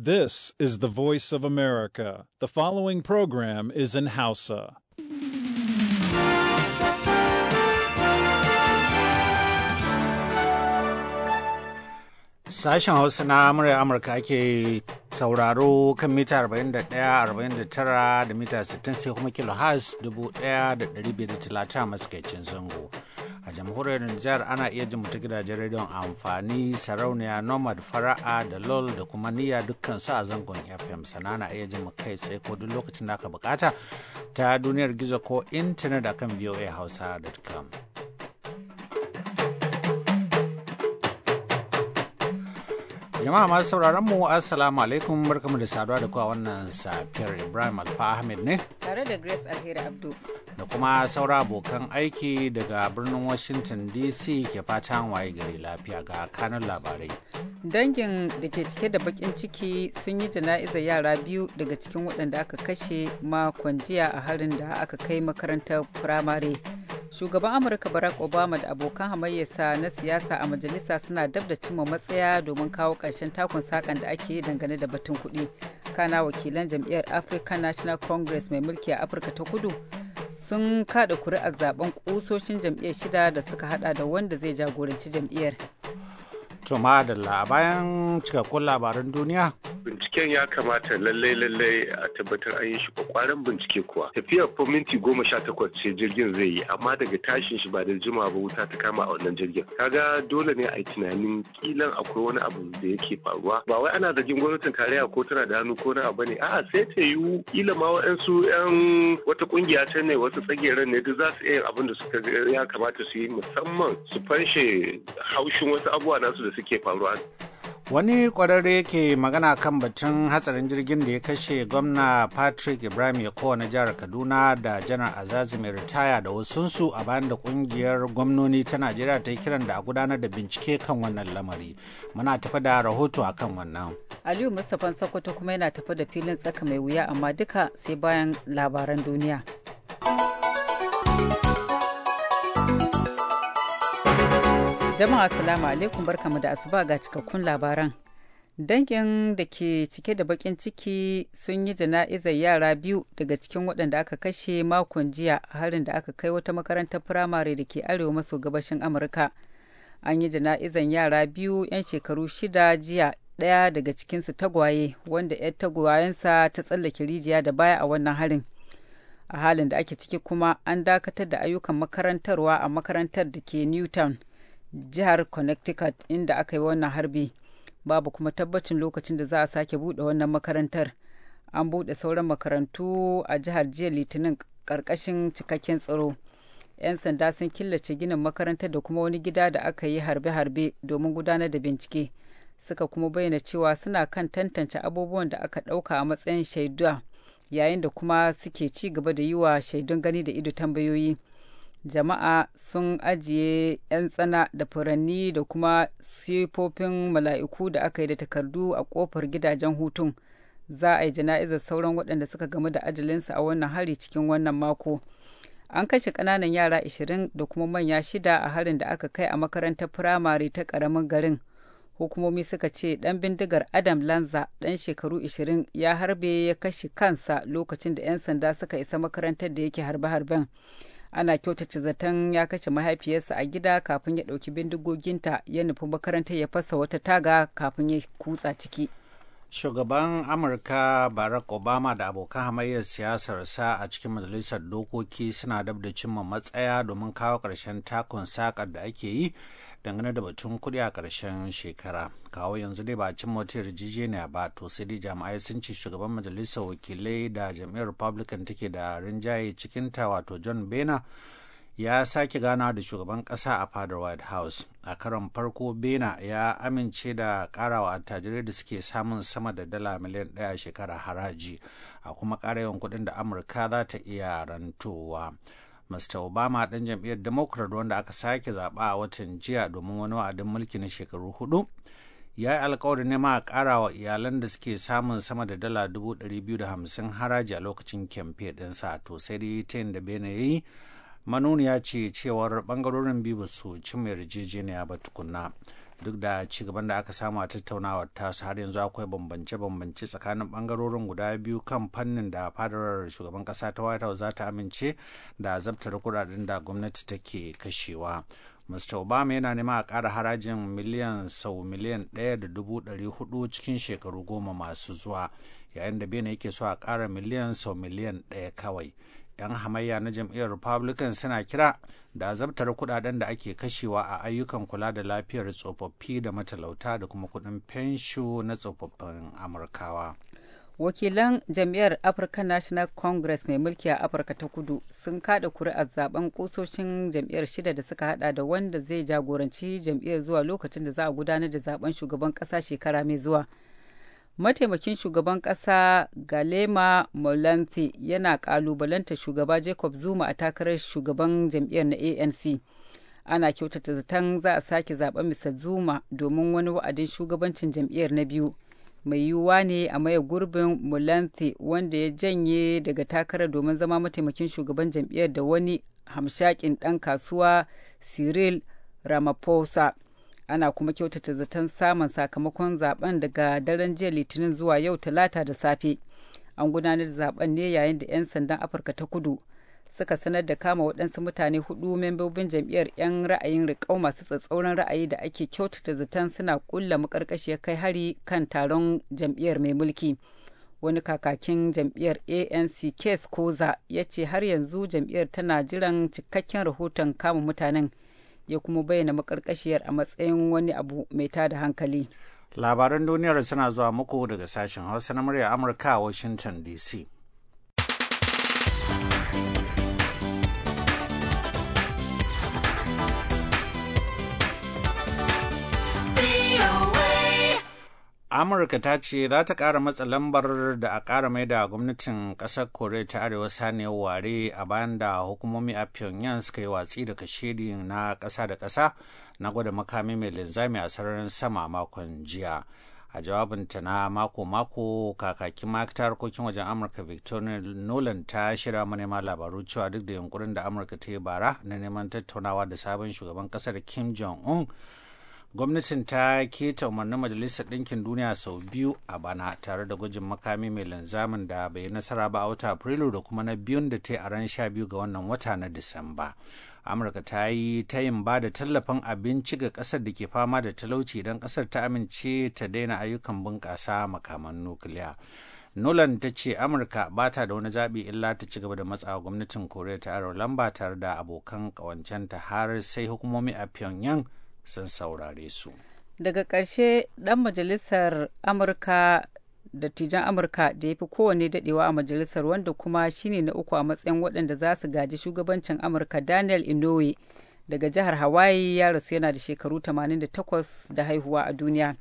This is the voice of America. The following program is in Hausa. Sashen Hausa na murya Amurka ke sauraro kan mita 41, da mita 60 sai kuma kilo has 1,530 matsakaicin zango. a jamhuriyar Nijar ana iya jin ta gidajen rediyon amfani sarauniya nomad fara'a da lol da kuma niyya dukkan su a zangon fm sana na iya jin mu kai tsaye ko duk lokacin da aka bukata ta duniyar gizo ko intanet akan hausa.com Jama'a masu sauraron mu Assalamu alaikum barkamu da saduwa da kuwa wannan safiyar Ibrahim Alfa Ahmed ne. Tare da Grace Alheri Abdu. Da kuma saura abokan aiki daga birnin Washington DC ke fatan waye gari lafiya ga kanun labarai. Dangin da ke cike da bakin ciki sun yi jana'izar yara biyu daga cikin waɗanda aka kashe makon jiya a harin da aka kai makarantar firamare. shugaban amurka barack obama da abokan hamayyarsa na siyasa a majalisa suna dab da cimma matsaya domin kawo ƙarshen takun sakan da ake yi dangane da batun kuɗi kana wakilan jam'iyyar african national congress mai mulki a afirka ta kudu sun kaɗa kuri'ar zaben ƙusoshin jam'iyyar shida da suka haɗa da wanda zai jagoranci jam'iyyar To madalla bayan cikakkun labaran duniya. Binciken ya kamata lallai lallai a tabbatar an yi shi kwakwaran bincike kuwa. Tafiya fa minti goma sha takwas ce jirgin zai yi amma daga tashin shi ba da jima ba wuta ta kama a wannan jirgin. Kaga dole ne a yi tunanin kilan akwai wani abu da yake faruwa. Ba wai ana zargin gwamnatin tarayya ko tana da hannu ko na abu ne. A'a sai ta yiwu kila ma waɗansu ƴan wata kungiya ta ne wasu tsageren ne duk za su iya yin abin da suka ya kamata su yi musamman su fanshe haushin wasu abubuwa nasu da suke faruwa. Wani kwararre yake magana kan batun hatsarin jirgin da ya kashe gwamna Patrick Ibrahim ya na jihar Kaduna da janar Azazi mai ritaya da wasunsu a bayan da kungiyar gwamnoni ta Najeriya ta yi kiran da a gudanar da bincike kan wannan lamari. Muna tafi da rahoto a kan wannan. Aliyu Mustapha Sokoto kuma yana tafi da filin tsaka mai wuya amma duka sai bayan labaran duniya. Jama'a Assalamu alaikum barkamu da asuba ga cikakkun labaran. Dangin da ke cike da bakin ciki sun yi jana'izar yara biyu daga cikin waɗanda aka kashe makon jiya a harin da aka kai wata makarantar firamare da ke arewa maso gabashin Amurka. An yi jana'izar yara biyu 'yan shekaru shida jiya ɗaya daga cikinsu tagwaye wanda 'yan tagwayensa ta tsallake rijiya da baya a wannan harin. A halin da ake ciki kuma an dakatar da ayyukan makarantarwa a makarantar da ke Newtown. jihar connecticut inda aka yi wannan harbi babu kuma tabbacin lokacin da za a sake buɗe wannan makarantar an buɗe sauran makarantu a jihar jiya litinin karkashin cikakken tsaro 'yan sanda sun killace ginin makarantar da kuma wani gida da aka yi harbe-harbe domin gudanar da bincike suka kuma bayyana cewa suna kan tantance abubuwan da aka ɗauka a matsayin shaidu yayin da kuma suke ci gaba da yi wa shaidun gani da ido tambayoyi jama'a sun ajiye 'yan tsana da furanni da kuma sifofin mala'iku da aka yi da takardu a kofar gidajen hutun za a yi jana'izar sauran waɗanda suka gamu da ajalinsu a wannan hari cikin wannan mako an kashe ƙananan yara 20 da kuma manya shida a harin da aka kai a makarantar firamare ta ƙaramin garin hukumomi suka ce ɗan bindigar adam lanza ɗan shekaru 20 ya harbe ya kashe kansa lokacin da 'yan sanda suka isa makarantar da yake harbe-harben ana kyautata zaton ya kashe mahaifiyarsa a gida kafin ya ɗauki bindigoginta ya nufi makarantar ya fasa wata taga kafin ya kutsa ciki shugaban amurka barack obama da abokan hamayyar siyasarsa a cikin majalisar dokoki suna dab da cimma matsaya domin kawo ƙarshen takon saƙar da ake yi dangane da batun kudi a karshen shekara kawo yanzu dai ba cin wata yarjejeniya ba to sai dai jami'ai sun ce shugaban majalisar wakilai da jami'ar republican take da rinjaye cikin ta wato john bena ya sake gana da shugaban kasa a fadar white house a karon farko bena ya amince da karawa attajirai da suke samun sama da dala miliyan daya shekara haraji a kuma kara yawan kuɗin da amurka za ta iya rantowa Mr. Obama ɗan jam'iyyar Democrat wanda aka sake zaɓa a watan jiya domin wani wa'adin mulki na shekaru hudu. Ya yi alkawarin nema a ƙara wa iyalan da suke samun sama da dala dubu ɗari biyu da hamsin haraji a lokacin kyamfe ɗinsa to sai dai ta yin da bene ya yi manuniya ce cewar ɓangarorin biyu ba su cimma yarjejeniya ba tukunna. duk da ci gaban da aka samu a tattaunawar tasu har yanzu akwai bambance-bambance tsakanin bangarorin guda biyu kan fannin da fadarar shugaban kasa ta white house za ta amince da zabtar kudaden da gwamnati take kashewa mr obama yana nema a ƙara harajin miliyan sau miliyan ɗaya da dubu ɗari hudu cikin shekaru goma masu zuwa yayin da bene yake so a ƙara miliyan sau miliyan ɗaya kawai 'yan hamayya na jam'iyyar republican suna kira da azabtar kudaden da ake kashewa a ayyukan kula da lafiyar tsofaffi da matalauta da kuma kudin fensho na tsofaffin amurkawa wakilan jam'iyyar african national congress mai mulki a afirka ta kudu sun kada kuri'ar zaben kusoshin jam'iyyar shida da suka hada da wanda zai jagoranci jam'iyyar zuwa lokacin da za a gudanar da zaben shugaban kasa shekara mai zuwa mataimakin shugaban ƙasa galema molanthi yana kalubalanta shugaba jacob zuma a takarar shugaban jam'iyyar na anc ana kyautata zaton za a sake zaben mr zuma domin wani wa'adin shugabancin jam'iyyar na biyu mai yiwuwa ne a maye gurbin molanthi wanda ya janye daga takarar domin zama mataimakin shugaban jam'iyyar da wani hamshakin ɗan kasuwa cyril ramaphosa ana kuma kyautata zaton samun sakamakon zaben daga daren jiya litinin zuwa yau talata da safe an gudanar da zaben ne yayin da 'yan sandan afirka ta kudu suka sanar da kama waɗansu mutane hudu membobin jam'iyyar 'yan ra'ayin riƙau masu tsatsauran ra'ayi da ake kyautata zaton suna ƙulla makarkashiyar kai hari kan taron jam'iyyar mai mulki wani kakakin jam'iyyar anc kes koza ya ce har yanzu jam'iyyar tana jiran cikakken rahoton kama mutanen ya kuma bayyana makarkashiyar a matsayin wani abu mai tada hankali labaran duniyar suna zuwa muku daga sashen hausa na murya amurka a washington dc amurka ta ce za ta ƙara matsa lambar da a ƙara mai da gwamnatin ƙasar koriya ta arewa Sani, ware a bayan da hukumomi a pyongyang suka yi watsi da kashedi na ƙasa da ƙasa na gwada makami mai linzami a sararin sama makon jiya a jawabinta na mako-mako kakakin ta harkokin wajen amurka victoria nolan ta shirya manema labaru cewa duk da yunkurin da amurka ta yi bara na neman tattaunawa da sabon shugaban ƙasar kim jong-un gwamnatin ta keta umarnin majalisar ɗinkin duniya sau biyu a bana tare da gwajin makami mai linzamin da bai nasara ba a wata afrilu da kuma na biyun da ta yi a ran sha biyu ga wannan wata na disamba amurka ta yi tayin ba da tallafin abinci ga kasar da ke fama da talauci idan kasar ta amince ta daina ayyukan bunƙasa makaman nukiliya nolan ta ce amurka ba ta da wani zaɓi illa ta ci gaba da matsawa gwamnatin koriya ta arewa lamba tare da abokan ƙawancenta har sai hukumomi a pyongyang sun saurare su daga ƙarshe ɗan majalisar amurka dattijan amurka da ya fi kowane daɗewa a majalisar wanda kuma shine na uku a matsayin waɗanda za su gaji shugabancin amurka daniel inouye daga jihar hawaii ya rasu yana da shekaru 88 da haihuwa a duniya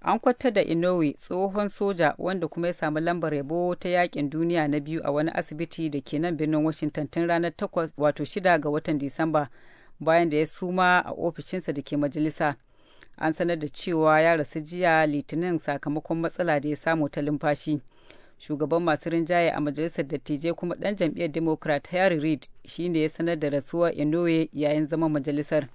an kwata da inouye tsohon soja wanda kuma ya samu lambar yabo ta yakin duniya na biyu a wani asibiti da ke nan birnin washington tun ranar 8 wato 6 ga watan disamba bayan da ya suma a ofishinsa da ke majalisa an sanar da cewa ya rasu jiya litinin sakamakon matsala da ya samu ta lumfashi shugaban masu rinjaye a majalisar dattijai kuma dan jam'iyyar democrat harry reid shine ya sanar da rasuwar inouye yayin zaman majalisar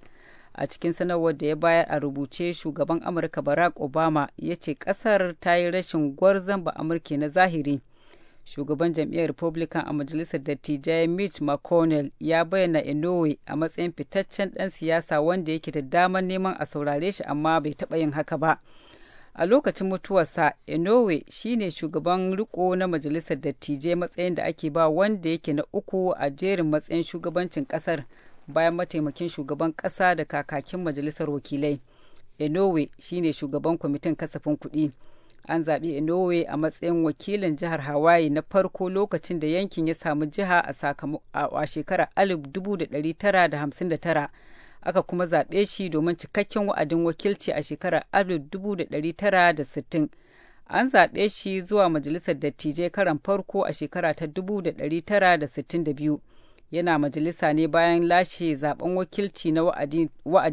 a cikin sanarwar da ya bayar a rubuce shugaban amurka barack obama ya ce kasar ta yi rashin gwarzon ba amurke na zahiri shugaban jam'iyyar republican a majalisar dattijai mitch mcconnell ya bayyana inouye a matsayin fitaccen ɗan siyasa wanda yake da damar neman a saurare shi amma bai taɓa yin haka ba a lokacin mutuwarsa inouye shine shugaban riko na majalisar dattijai matsayin da ake ba wanda yake na uku a jerin matsayin shugabancin ƙasar bayan mataimakin shugaban ƙasa da kakakin majalisar wakilai inouye shine shugaban kwamitin kasafin kuɗi. an zaɓi inowe a matsayin wakilin jihar Hawaii na farko lokacin da yankin ya samu jiha a shekarar 1959 aka kuma zaɓe shi domin cikakken wa'adin wakilci a shekarar 1960. An zaɓe shi zuwa Majalisar Dattijai karan farko a shekara ta 1962. Yana majalisa ne bayan lashe zaben wakilci na wa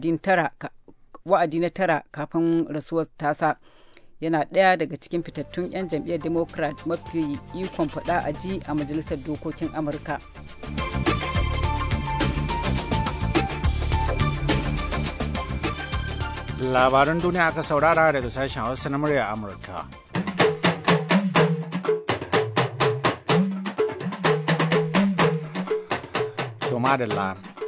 na tara kafin rasuwar tasa. yana ɗaya daga cikin fitattun 'yan jam'iyyar democrat mafi ikon faɗa a ji a majalisar dokokin amurka labaran duniya aka saurara daga sashen hausa na murya amurka to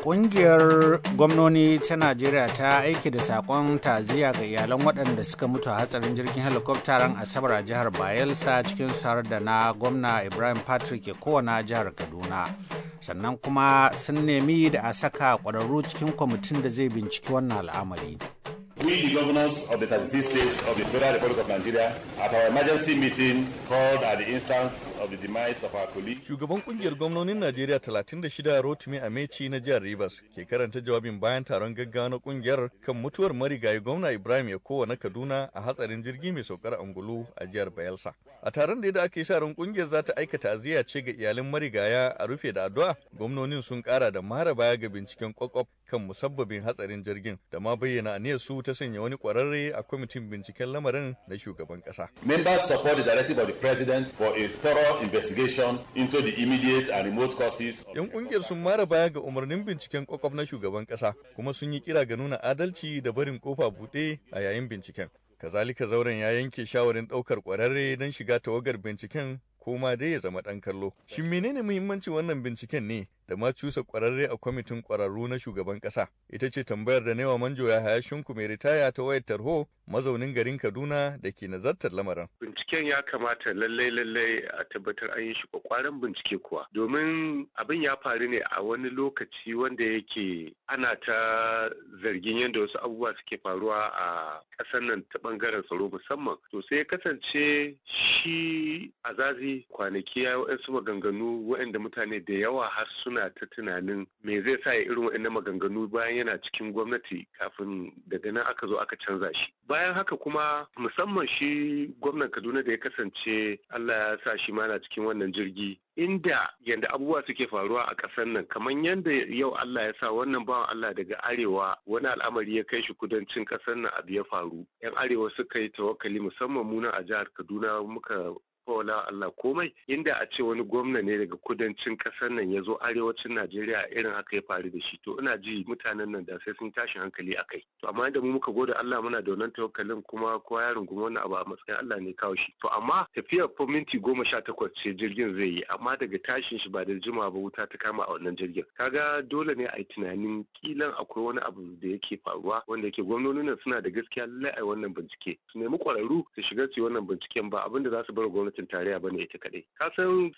Ƙungiyar gwamnoni ta Najeriya ta aiki da sakon taziya ga iyalan waɗanda suka mutu a hatsarin jirgin helikwafta Asabar a jihar Bayelsa cikin sar da na gwamna Ibrahim Patrick kowana jihar Kaduna. Sannan kuma sun nemi da a saka ƙwararru cikin kwamitin da zai binciki wannan al'amari. We, the governors of the 36 states of the Federal Republic of Nigeria, at our emergency meeting called at the instance of the demise of our colleague. Shugaban kungiyar gwamnonin Najeriya 36 Rotimi Amechi na jihar Rivers ke karanta jawabin bayan taron gaggawa na kungiyar kan mutuwar marigayi gwamna Ibrahim Yakowa na Kaduna a hatsarin jirgi mai saukar angulu a jihar Bayelsa. A taron da aka yi sa ran kungiyar za ta aika aziya ce ga iyalan marigaya a rufe da addu'a, gwamnonin sun kara da mara baya ga binciken kwakwaf kan musabbabin hatsarin jirgin da ma bayyana aniyar su ta sanya wani kwararre a kwamitin binciken lamarin na shugaban kasa. Members support the directive of the president for a thorough without investigation into the immediate and remote causes. Yan kungiyar sun mara baya ga umarnin binciken kwakwaf na shugaban kasa kuma sun yi kira ga nuna adalci da barin kofa bude a yayin binciken. Kazalika zauren ya yanke shawarin daukar kwararre don shiga tawagar binciken ko ma dai ya zama ɗan kallo. Shin menene muhimmancin wannan binciken ne da ma cusa kwararre a kwamitin kwararru na shugaban kasa ita ce tambayar da newa manjo ya haya shinku mai ritaya ta wayar tarho mazaunin garin kaduna da ke nazartar lamarin binciken ya kamata lallai lallai a tabbatar an yi shi kwakwaran bincike kuwa domin abin ya faru ne a wani lokaci wanda yake ana ta zargin yadda wasu abubuwa suke faruwa a ƙasar nan ta bangaren tsaro musamman to sai ya kasance shi a azazi kwanaki ya yi maganganu waɗanda mutane da yawa har sun suna ta tunanin me zai sa ya irin waɗannan maganganu bayan yana cikin gwamnati kafin daga nan aka zo aka canza shi bayan haka kuma musamman shi gwamnan kaduna da ya kasance allah ya sa shi ma cikin wannan jirgi inda yadda abubuwa suke faruwa a ƙasar nan kamar yadda yau Allah ya sa wannan bawan Allah daga arewa wani al'amari ya kai shi kudancin ƙasar nan abu ya faru yan arewa suka yi tawakali, musamman muna a jihar Kaduna muka wala Allah komai inda a ce wani gwamna ne daga kudancin kasar nan ya zo arewacin Najeriya irin haka ya faru da shi to ina ji mutanen nan da sai sun tashi hankali a kai to amma inda mu muka gode Allah muna da wannan tawakkalin kuma kowa ya runguma wannan abu a matsayin Allah ne kawo shi to amma tafiyar fa minti goma sha takwas ce jirgin zai yi amma daga tashin shi ba da jima ba wuta ta kama a wannan jirgin kaga dole ne a yi tunanin kilan akwai wani abu da yake faruwa wanda yake gwamnonin suna da gaskiya lallai a wannan bincike su nemi kwararru su shiga su yi wannan binciken ba abinda za su bar gwamnati gwamnatin tarayya bane ita kadai san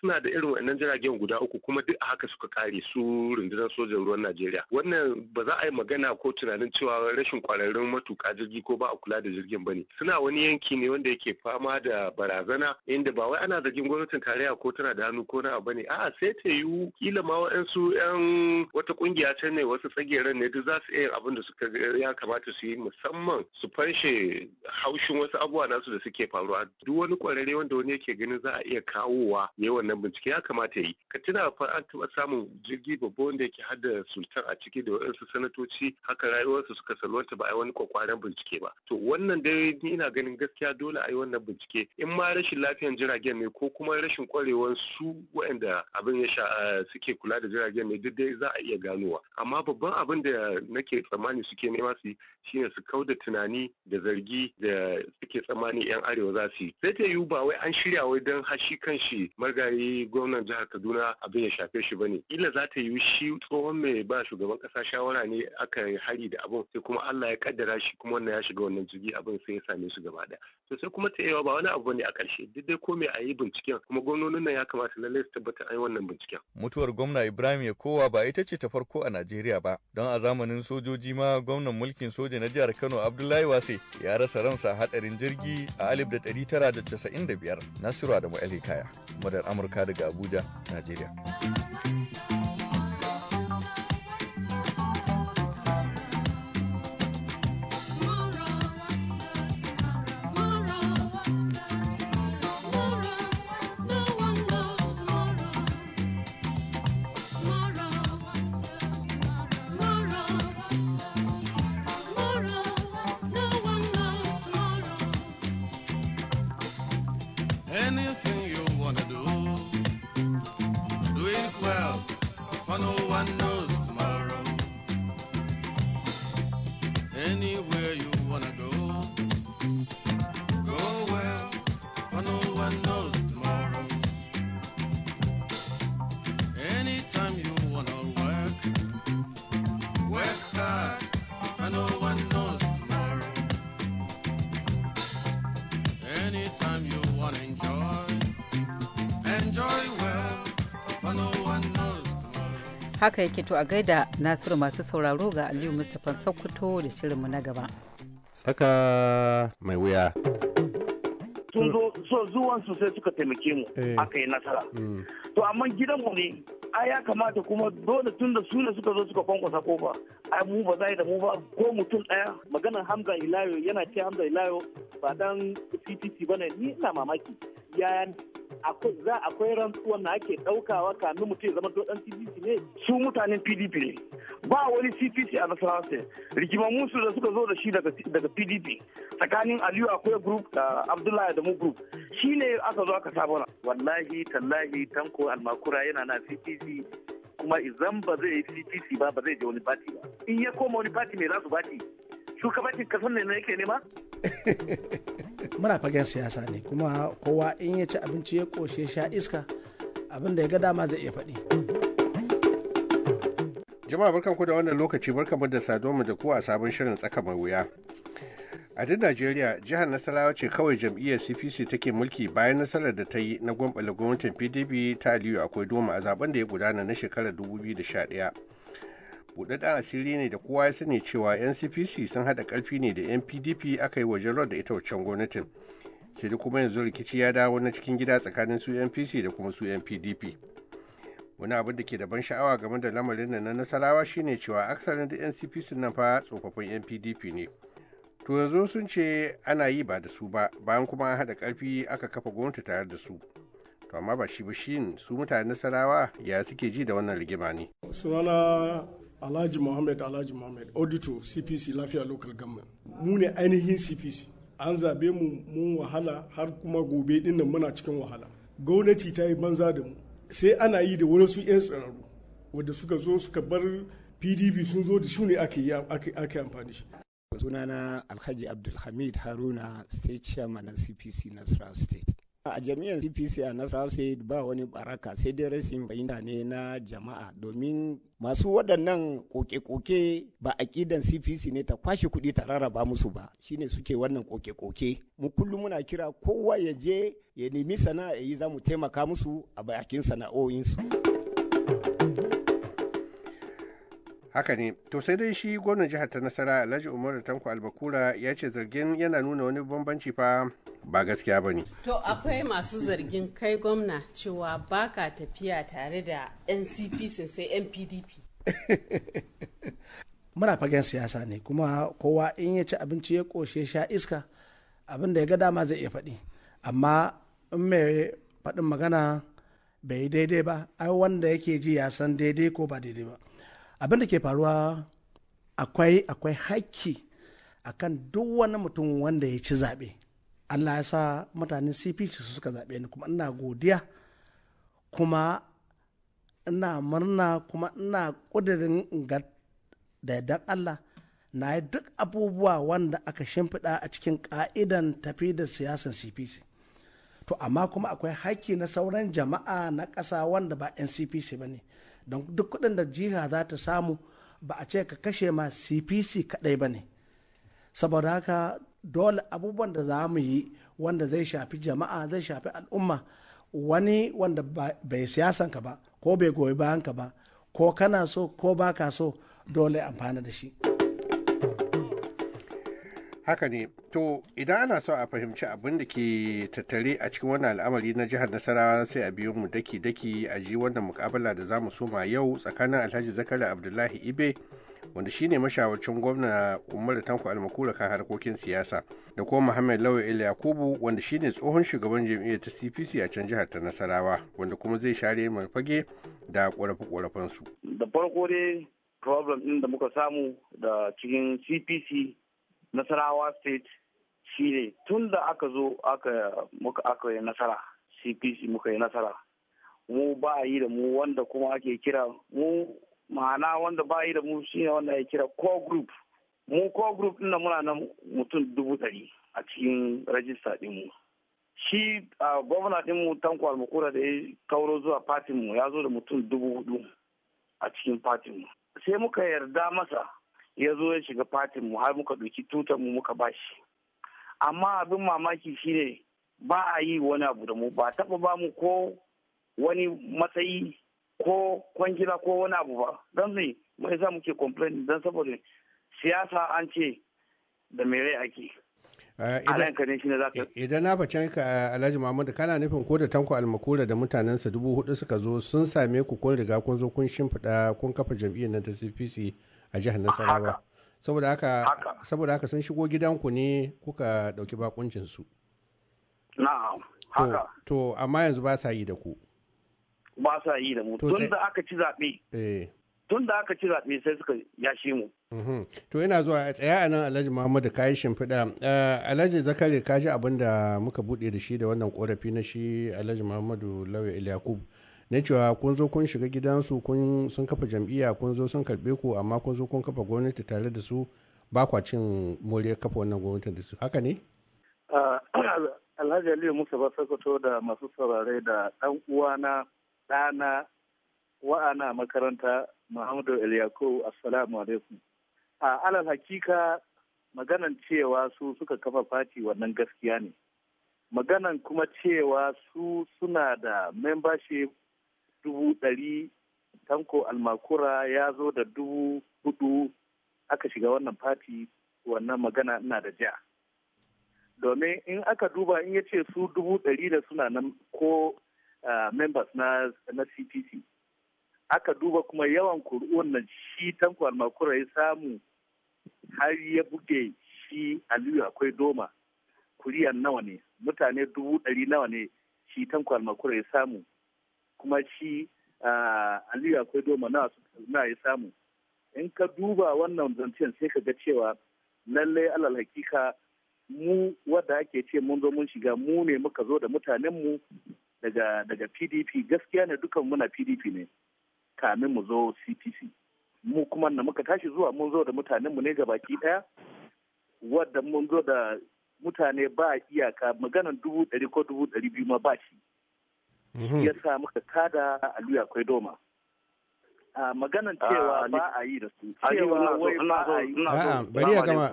suna da irin wannan jiragen guda uku kuma duk a haka suka kare su rundunar sojan ruwan Najeriya wannan ba za a yi magana ko tunanin cewa rashin kwararrun matuƙa jirgi ko ba a kula da jirgin bane suna wani yanki ne wanda yake fama da barazana inda ba wai ana zargin gwamnatin tarayya ko tana da hannu ko na bane a'a sai ta yi kila ma wa'ansu yan wata kungiya can ne wasu tsageren ne duk za su iya abin da suka ya kamata su yi musamman su fanshe haushin wasu abubuwa nasu da suke faruwa duk wani kwararre wanda wani yake yake ganin za a iya kawowa ya wannan bincike ya kamata yi ka tuna fa an taba samun jirgi babba wanda yake hada sultan a ciki da waɗansu sanatoci haka rayuwarsu suka salwanta ba a yi wani kwakwaran bincike ba to wannan dai ni ina ganin gaskiya dole a yi wannan bincike in ma rashin lafiyan jiragen ne ko kuma rashin kwarewar su waɗanda abin ya sha suke kula da jiragen ne duk dai za a iya ganowa amma babban abin da nake tsammani suke nema su yi shine su kau da tunani da zargi da suke tsammani yan arewa za su yi sai ta yiwu ba wai an shirya wai don hashi kan shi margari gwamnan jihar kaduna abin ya shafe shi bane Ila za ta yiwu shi tsohon mai ba shugaban kasa shawara ne aka hari da abin sai kuma allah ya kaddara shi kuma wannan ya shiga wannan jirgi abin sai ya same su gaba ɗaya to sai kuma ta yawa ba wani abu ne a karshe duk dai ko mai a yi binciken kuma gwamnonin nan ya kamata lallai su tabbata a yi wannan binciken. mutuwar gwamna ibrahim ya kowa ba ita ce ta farko a najeriya ba don a zamanin sojoji ma gwamnan mulkin soja Alhaji na jihar Kano Abdullahi Wase ya rasa ransa hatsarin jirgi a 1995 Nasiru Adamu Ali Kaya, Madar Amurka daga Abuja, Najeriya. haka yake to a gaida nasiru masu sauraro ga aliyu mustapha sokoto da shirinmu na gaba tsaka mai wuya sun zo zuwan su sai suka taimake mu eh. aka yi nasara mm. to amma gidanmu ne a ya kamata kuma dole tun da su ne suka zo suka kwankwasa kofa ai mu ba za yi da mu ba ko mutum daya maganar hamza ilayo yana ce hamza ilayo ba dan ctc ne ni ina mamaki yaya za akwai rantsuwan na ake ɗaukawa kamin mutum ya zama dan CPC ne su mutanen PDP ne ba wani CPC a Nasarawa sai rigima musu da suka zo da shi daga PDP tsakanin Aliyu akwai group da Abdullahi da mu group ne aka zo aka sabana wallahi tallahi tanko almakura yana na CPC kuma izan ba zai yi CPC ba ba zai je wani party ba in ya koma wani party mai za su party shugabancin kasar ne yake nema muna fagen siyasa ne kuma kowa in ya ci abinci ya koshe sha iska abin da ya ga dama zai iya faɗi. jama'a barkanku da wannan lokaci barkanmu da saduwa da ku a sabon shirin tsaka mai wuya a duk najeriya jihar nasarawa ce kawai jam'iyyar cpc take mulki bayan nasarar da ta yi na gwamnati gwamnatin pdp ta aliyu akwai doma a zaben da ya gudana na shekarar 2011 buɗaɗɗen asiri ne da kowa ya sani cewa ncpc sun haɗa karfi ne da npdp aka yi wajen da ita waccan gwamnatin sai da kuma yanzu rikici ya dawo na cikin gida tsakanin su npc da kuma su npdp wani abin da ke da ban sha'awa game da lamarin nan na nasarawa shine cewa aksarin da ncpc nan fa tsofaffin npdp ne to yanzu sun ce ana yi ba da su ba bayan kuma an haɗa karfi aka kafa gwamnati tare da su to amma ba shi ba shi su mutane nasarawa ya suke ji da wannan rigima ne sunana Alhaji mohammed Alhaji mohammed audito CPC lafiya local government mu ne ainihin CPC an zabe mu mun wahala har kuma gobe din nan muna cikin wahala gwamnati ta yi banza da mu sai ana yi da wasu 'yan tsararru wadda suka zo suka bar pdp sun zo da shune ake amfani shi sunana alhaji abdulhamid haruna state chairman na cpc nasarawa state a jami'an cpc a nasarar sai ba wani baraka sai dai rashin fahimta ne na jama'a domin masu waɗannan koke-koke ba aƙidan cpc ne ta kwashe kuɗi ta rarraba musu ba shine suke wannan koke-koke mu kullum muna kira kowa ya je ya nemi sana'a ya yi za mu taimaka musu a bakin sana'o'insu. haka ne to sai dai shi gwamnan jihar ta nasara alhaji umaru tanko albakura ya ce zargin yana nuna wani bambanci fa ba gaskiya ba ne. To akwai masu zargin kai gwamna cewa baka tafiya tare da NCP sai NPDP. Muna fagen siyasa ne kuma kowa in ya ci abinci ya ƙoshe sha iska abin da ya ga dama zai iya faɗi. Amma in mai faɗin magana bai yi daidai ba, ai wanda yake ji ya san daidai ko ba daidai ba. Abin da ke faruwa akwai akwai haƙƙi akan duk wani mutum wanda ya ci zaɓe. allah ya sa mutanen cpc su suka zaɓe ni kuma ina godiya kuma ina murna kuma ina ƙudurin ga daidan allah na yi duk abubuwa wanda aka shimfiɗa a cikin ƙa'idan tafi da siyasan cpc to amma kuma akwai haƙƙi na sauran jama'a na ƙasa wanda ba ncpc ba ne don duk kuɗin da jiha za ta samu ba a ce ka kashe ma cpc kaɗai ba ne saboda haka dole abubuwan da za mu yi wanda zai shafi jama'a zai shafi al'umma wani wanda bai siyasan ka ba ko bai goyi bayan ka ba ko kana so ko ba ka so dole amfana da shi haka ne to idan ana so a fahimci abin da ke tattare a cikin wannan al'amari na jihar nasarawa sai a biyo mu daki daki a ji wannan mukabala da za mu soma yau tsakanin alhaji zakari abdullahi ibe wanda shine mashawarcin gwamna Umaru Tanko Almakura kan harkokin siyasa da kuma Muhammad Lawal El Yakubu wanda shine tsohon shugaban jam'iyyar ta CPC a can jihar ta Nasarawa wanda kuma zai share mai fage da ƙorafin su. Da farko dai problem din da muka samu da cikin CPC Nasarawa state shine tun da aka zo aka muka aka yi nasara CPC muka yi nasara mu ba a yi da mu wanda kuma ake kira mu ma'ana wanda bayi da mu shine wanda ya kira core group mu core group ɗin muna nan mutum dubu dari a cikin rajista ɗinmu shi a gwamna dinmu tanko almakura da ya kauro zuwa fatinmu ya zo da mutum dubu hudu a cikin fatinmu sai muka yarda masa ya zo ya shiga fatinmu har muka tutar mu muka bashi amma abin mamaki shine ba a yi wani abu da mu ba taɓa ba mu ko wani matsayi ko kwangila ko wani abu ba don zai mai za muke complain don saboda siyasa an ce da mere ake eh, idan na facen ka eh, alhaji muhammadu kana nufin ko da tanko almakura da mutanensa dubu hudu suka zo sun same ku kun riga kun zo kun shimfiɗa kun kafa jam'iyyar nan ta cpc a jihar nasarawa saboda haka saboda sun shigo gidanku ne kuka ɗauki bakuncin su na'am haka to amma yanzu ba sa yi da ku ba sa yi da mu tun da aka ci zaɓe eh. tun da aka ci zaɓe sai suka yashe mu. Mhm. To yana zuwa a tsaya a nan Alhaji Muhammadu kayi shimfiɗa. Eh, Alhaji Zakare ka ji abin da muka buɗe da shi da wannan ƙorafi na shi Alhaji Muhammadu Lawe Ilyakub. Na cewa kun zo kun shiga gidansu kun sun kafa jam'iyya kun zo sun karɓe ku amma kun zo kun kafa gwamnati tare da su ba kwa cin moriyar kafa wannan gwamnatin da su haka ne? Eh, Alhaji Aliyu Musa ba Sokoto da masu saurare da ɗan uwana ɗana wa'ana makaranta Muhammadu Ilyako assalamu alaikum. A alal hakika maganan cewa su suka kafa fati wannan gaskiya ne. Maganan kuma cewa su suna da membership dubu ɗari tanko almakura ya zo da dubu hudu aka shiga wannan fati wannan magana ina da ja. Domin in aka duba in ya ce su dubu ɗari da suna nan ko members na cpc aka duba kuma yawan kur'un nan shi tanko almakura ya samu har ya buge shi aliyu akwai doma kuri'an nawa ne mutane dubu ɗari nawa ne shi tanko almakura ya samu kuma shi aliyu akwai doma na ya samu in ka duba wannan zancen sai ka ga cewa lallai alal hakika mu wadda ake ce mun zo mun shiga mu ne muka zo da mutanenmu daga pdp gaskiya ne dukan muna pdp ne kamin mu zo cpc mu kuma na muka tashi zuwa mun zo da mutanen mu ne baki daya wadda mun zo da mutane ba iyaka maganan dubu dari ko dubu dari biyu ma ba shi mhm. ya sa muka kada aliyu akwai doma maganan ah, cewa ba a yi da su cewa wai ba a yi a'a bari ya gama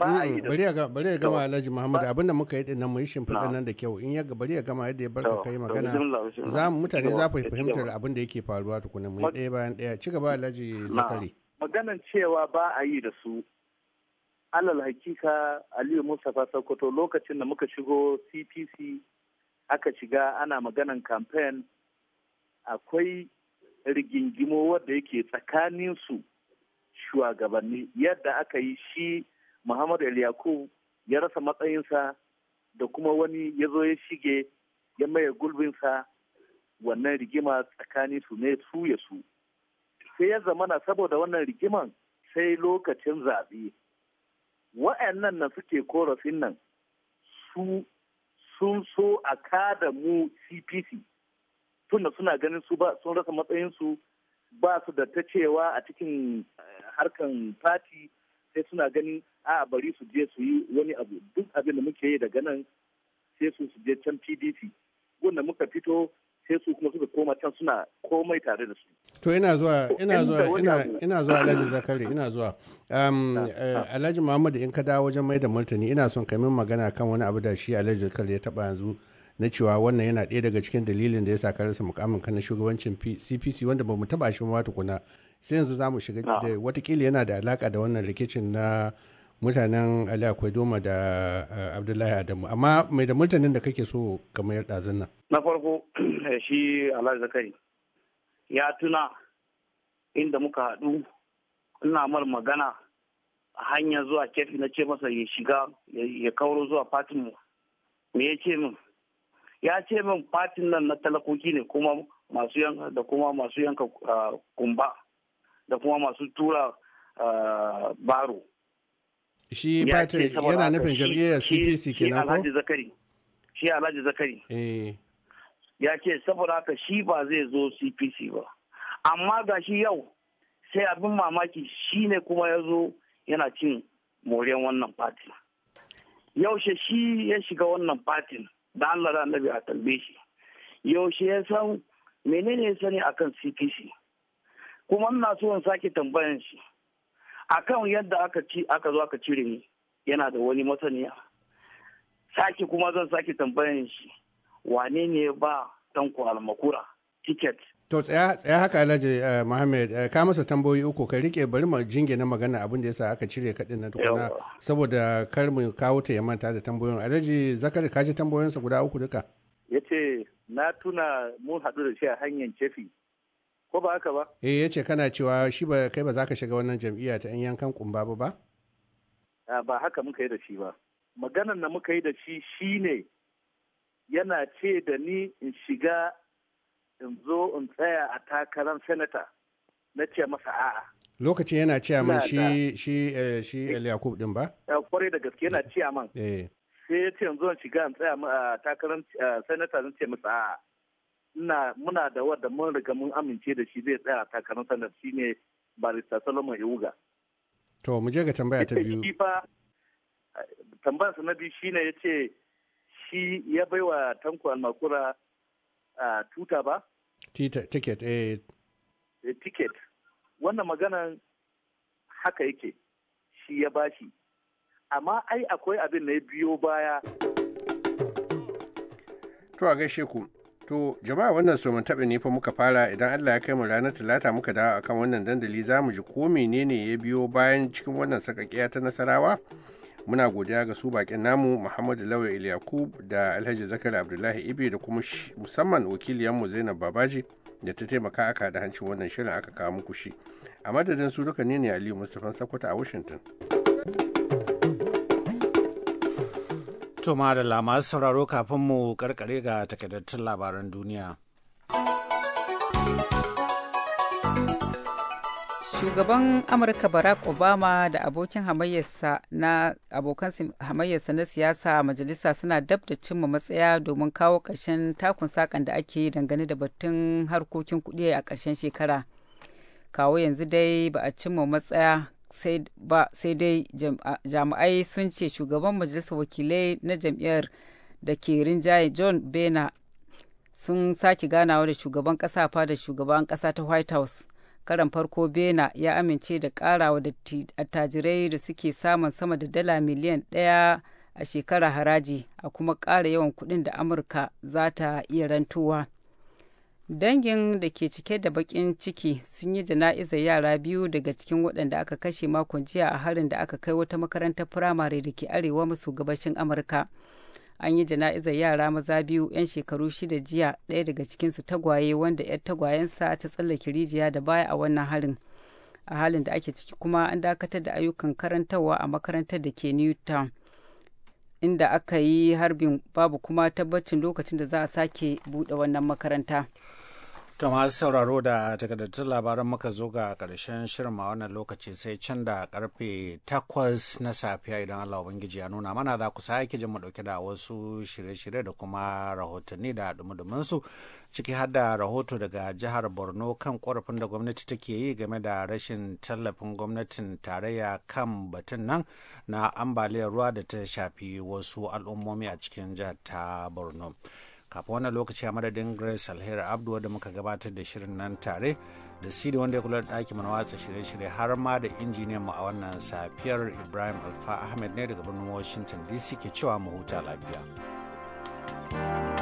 bari ya gama bari ya gama Alhaji Muhammad abinda muka yi dinnan mu yi shimfiɗa nan da kyau in ya bari ya gama yadda ya barka kai magana za mutane za ku fahimtar abin da yake faruwa tukuna mu yi ɗaya bayan ɗaya ci gaba Alhaji Zakari maganan cewa ba a yi da su alal hakika Aliyu Mustapha Sokoto lokacin da muka shigo CPC aka shiga ana maganan campaign akwai rigingimo wadda yake tsakanin su shugabanni yadda aka yi shi muhammadu yakub ya rasa matsayinsa da kuma wani ya zo ya shige ya maye gulbinsa wannan rigima tsakanin su ne su ya su sai ya zamana saboda wannan rigiman sai lokacin zaɓe wa'annan na suke korafin nan su sun so a kada mu cpc tunda suna ganin su ba sun rasa matsayinsu ba su da ta cewa a cikin eh, harkan fati sai suna ganin a bari su je su yi wani abu duk abin da muke yi daga nan sai su su je can pdp wanda muka fito sai su kuma suka koma can suna komai tare da su to ina zuwa ina zuwa ina zuwa alhaji zakari ina zuwa um, eh, ah, ah. alhaji muhammad in ka dawo wajen mai da martani ina son kai min magana kan wani abu da shi alhaji zakari ya taba yanzu na cewa wannan yana ɗaya daga cikin dalilin da ya sa ka rasa mukamin ka na shugabancin cpc wanda ba mu taba shi ma tukuna sai yanzu za mu shiga da watakila yana da alaka da wannan rikicin na mutanen ali akwai doma da eh, abdullahi adamu amma mai da mutanen da kake so kamar ɗazin nan na farko shi alhaji zakari ya tuna inda muka haɗu ina mar magana a hanya zuwa kefi na ce masa ya shiga ya kauro zuwa fatinmu me ya ce min ya ce min fatin nan na talakoki ne kuma masu yanka da kuma masu yanka ah, kumba da kuma masu tura ah, baro shi fatin yana nufin jam'iyyar cpc kenan ko shi alhaji zakari eh. ya ce saboda haka shi ba zai zo cpc ba amma ga shi yau sai abin mamaki shi ne kuma ya zo yana cin moriyar wannan fatin yaushe shi ya shiga wannan fatin da Allah da annabi a talbe shi yaushe ya san menene ya sani akan CPC kuma ina so in sake tambayan shi akan yadda aka ci aka zo aka cire ni yana da wani masaniya sake kuma zan sake tambayan shi wane ne ba tanko almakura tiket to tsaya haka alhaji eh, muhammad eh, ka masa tambayoyi uku ka rike bari mu jinge na magana abin da yasa aka cire kadin na tukuna saboda kar mu kawo ta ya manta da tambayoyin alhaji zakari ka ji tambayoyinsa guda uku duka yace na tuna mun hadu da shi a hanyar cefi ko ba haka ba eh yace kana cewa shi ba kai ba za ka shiga wannan jam'iyya ta 'yan yankan kumba ba ba ba haka muka yi da shi ba maganan da muka yi da shi shine yana ce da ni in shiga in zo in tsaya a takarar senata na ce masa a'a lokaci yana ciyaman shi shi eh, shi eh. Yakub din ba eh, kwarai da gaske yana man. sai ya ce yanzu in shiga in tsaya a takarar senata na ce masa a'a ina muna da wadda mun riga mun amince da shi zai tsaya a takarar senata shine barista Solomon Iwuga to mu je ga tambaya ta biyu tambayar na biyu shine ya ce shi ya baiwa tanko almakura tuta ba ticket eh, eh ticket wannan maganan haka yake shi ya bashi amma ai akwai abin na ya biyo baya to a gaishe ku To jama'a wannan so mun taɓa fa muka fara idan Allah ya kai mu ranar Talata muka dawo akan wannan dandali za mu ji ko menene ya biyo bayan cikin wannan sakakkiya ta Nasarawa muna godiya ga su bakin namu muhammadu lauya ilyakub da alhaji zakari abdullahi ibe da kuma musamman wakiliyanmu zainab babaji da ta taimaka aka da hancin wannan shirin aka kawo muku shi a madadin su duka ne ne aliyu mustapha sakwata a washington to da masu sauraro kafin mu karkare ga takaitattun labaran duniya shugaban amurka barack obama da abokin hamayyarsa na abokan hamayyarsa na siyasa majalisa suna dab da cimma matsaya domin kawo ƙarshen takun sakan da ake yi dangane da batun harkokin kuɗi a ƙarshen shekara kawo yanzu dai ba a cimma matsaya sai dai jami'ai sun ce shugaban majalisar wakilai na jam'iyyar da ke rinjaye john bena sun sake ganawa da shugaban kasa fa da shugaban kasa ta white house karan farko bena ya amince da karawa da attajirai da suke samun sama da dala miliyan ɗaya a shekara haraji a kuma kara yawan kuɗin da amurka za ta iya rantowa dangin da ke cike da bakin ciki sun yi jana'izar yara biyu daga cikin waɗanda aka kashe makon jiya a harin da aka kai wata makarantar firamare da ke arewa maso gabashin amurka an yi jana'izar yara maza biyu 'yan shekaru shida jiya ɗaya daga cikinsu tagwaye wanda 'yar tagwayensa ta tsallake rijiya da baya a wannan harin a halin da ake ciki kuma an dakatar da ayyukan karantarwa a makarantar da ke newtown inda aka yi harbin babu kuma tabbacin lokacin da za a sake buɗe wannan makaranta To masu sauraro da takardattun labaran muka zo ga karshen shirin ma wannan lokaci sai can da karfe takwas na safiya idan Allah Ubangiji ya nuna mana za ku sake jin mu dauke da wasu shirye-shirye da kuma rahotanni da dumudumin su ciki har da rahoto daga jihar Borno kan korafin da gwamnati take yi game da rashin tallafin gwamnatin tarayya kan batun nan na ambaliyar ruwa da ta shafi wasu al'ummomi a cikin jihar ta Borno. kafin wannan lokaci a madadin grace alheri abdu da muka gabatar da shirin nan tare da sidi wanda ya kula da ɗaki mana watsa shirye-shirye har ma da injiniyan mu a wannan safiyar ibrahim alfa ahmed ne daga birnin washington dc ke cewa mu huta lafiya thank you